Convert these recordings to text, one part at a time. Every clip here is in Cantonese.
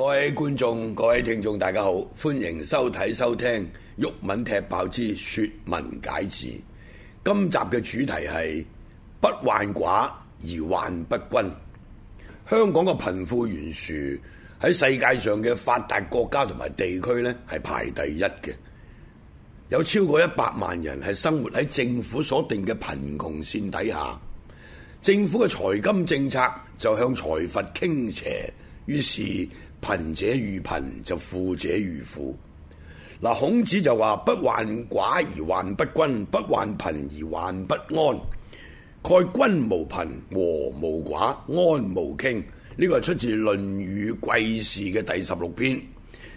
各位觀眾、各位聽眾，大家好，歡迎收睇、收聽《毓民踢爆之說文解字》。今集嘅主題係不患寡而患不均。香港嘅貧富懸殊喺世界上嘅發達國家同埋地區呢，係排第一嘅，有超過一百萬人係生活喺政府所定嘅貧窮線底下。政府嘅財金政策就向財閥傾斜。於是貧者愈貧就富者愈富。嗱，孔子就話：不患寡而患不均，不患貧而患不安。蓋均無貧，和無寡，安無傾。呢個係出自《論語·季氏》嘅第十六篇。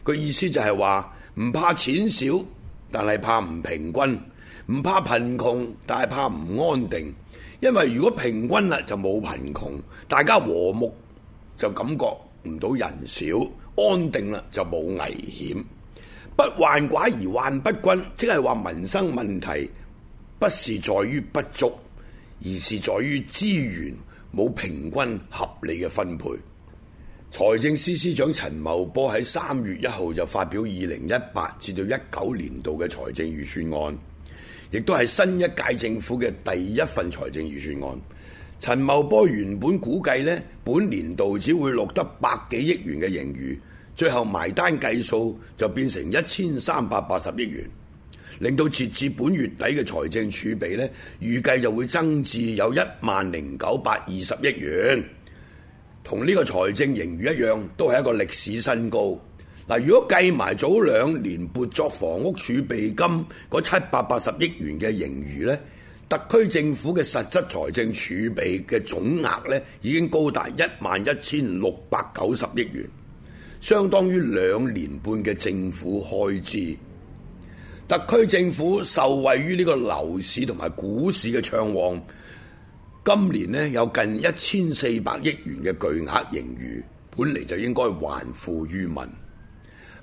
佢意思就係話：唔怕錢少，但係怕唔平均；唔怕貧窮，但係怕唔安定。因為如果平均啦，就冇貧窮，大家和睦就感覺。唔到人少安定啦，就冇危險。不患寡而患不均，即係話民生問題不是在於不足，而是在於資源冇平均合理嘅分配。財政司司長陳茂波喺三月一號就發表二零一八至到一九年度嘅財政預算案，亦都係新一屆政府嘅第一份財政預算案。陳茂波原本估計咧，本年度只會錄得百幾億元嘅盈餘，最後埋單計數就變成一千三百八十億元，令到截至本月底嘅財政儲備咧，預計就會增至有一萬零九百二十億元，同呢個財政盈餘一樣，都係一個歷史新高。嗱，如果計埋早兩年撥作房屋儲備金嗰七百八十億元嘅盈餘咧，特區政府嘅實質財政儲備嘅總額咧，已經高達一萬一千六百九十億元，相當於兩年半嘅政府開支。特區政府受惠於呢個樓市同埋股市嘅暢旺，今年咧有近一千四百億元嘅巨額盈餘，本嚟就應該還富於民。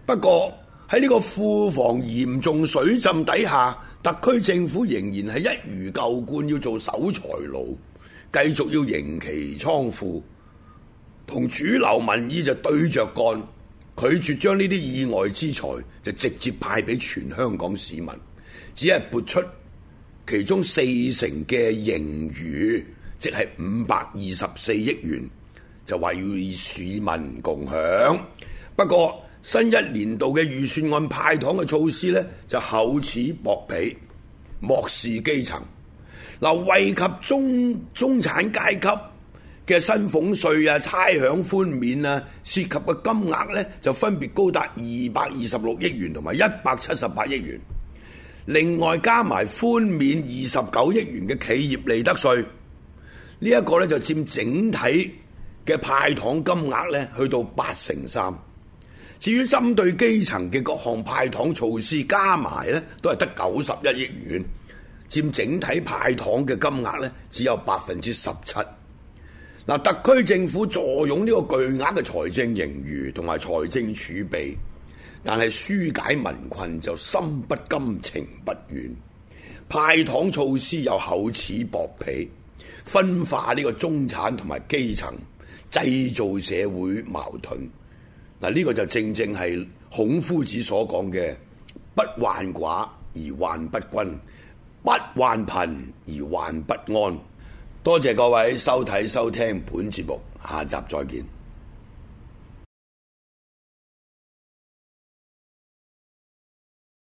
不過喺呢個庫房嚴重水浸底下。特區政府仍然係一如舊慣，要做守財奴，繼續要盈其倉庫，同主流民意就對着幹，拒絕將呢啲意外之財就直接派俾全香港市民，只係撥出其中四成嘅盈餘，即係五百二十四億元，就話要以市民共享。不過，新一年度嘅預算案派糖嘅措施呢，就厚此薄彼，漠視基層。嗱、啊，惠及中中產階級嘅薪俸稅啊、差餉寬免啊，涉及嘅金額呢，就分別高達二百二十六億元同埋一百七十八億元。另外加埋寬免二十九億元嘅企業利得稅，呢、這、一個呢，就佔整體嘅派糖金額呢，去到八成三。至於針對基層嘅各項派糖措施加埋咧，都係得九十一億元，佔整體派糖嘅金額咧，只有百分之十七。嗱，特區政府坐擁呢個巨額嘅財政盈餘同埋財政儲備，但係疏解民困就心不甘情不願，派糖措施又厚此薄彼，分化呢個中產同埋基層，製造社會矛盾。嗱，呢個就正正係孔夫子所講嘅，不患寡而患不均，不患貧而患不安。多謝各位收睇收聽本節目，下集再見。